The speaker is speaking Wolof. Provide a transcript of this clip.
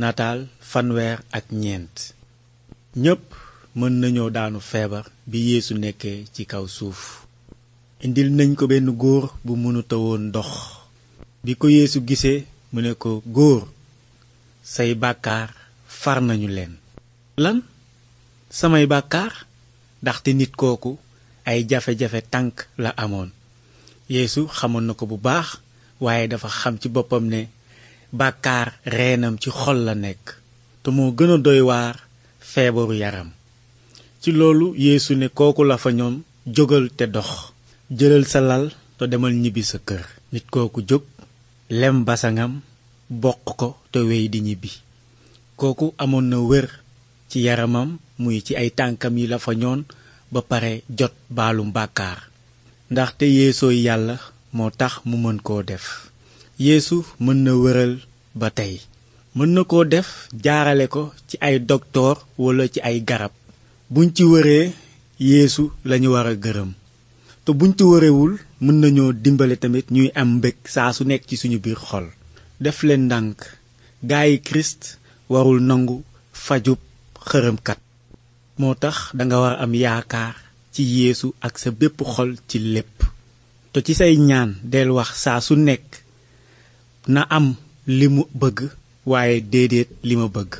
nataal fanweer ak ñeent ñépp mën nañoo daanu feebar bi yeesu nekkee ci kaw suuf indil nañ ko benn góor bu mënuta woon dox bi ko yéesu gisee mu ne ko góor say bàkkaar far nañu leen lan samay bàkkaar ndaxte nit kooku ay jafe-jafe tànk la amoon yéesu xamoon na ko bu baax waaye dafa xam ci boppam ne bàkkaar reenam ci xol la nekk te moo gën a doy waar feebaru yaram ci loolu yéesu ne kooku la fa ñoom jógal te dox jëlal sa lal te demal ñibbi sa kër nit kooku jóg lem basangam bokk ko te wey di ñibbi kooku amoon na wër ci yaramam muy ci ay tànkam yi la fa ñoon ba pare jot baalum bàkkaar ndaxte yeesooy yàlla moo tax mu mën koo def yéesu mën na wëral ba tey mën na ko def jaarale ko ci ay doktoor wala ci ay garab buñ ci wëree yéesu lañu war a gërëm te buñ ci wërewul mën nañoo dimbale tamit ñuy am mbég saa su nekk ci suñu biir xol def leen ndànk gaayi kirist warul nangu fajub xërëmkat moo tax danga war a am yaakaar ci yéesu ak sa bépp xol ci lépp te ci say ñaan del wax saa su nekk na am li mu bëgg waaye déedéet li ma bëgg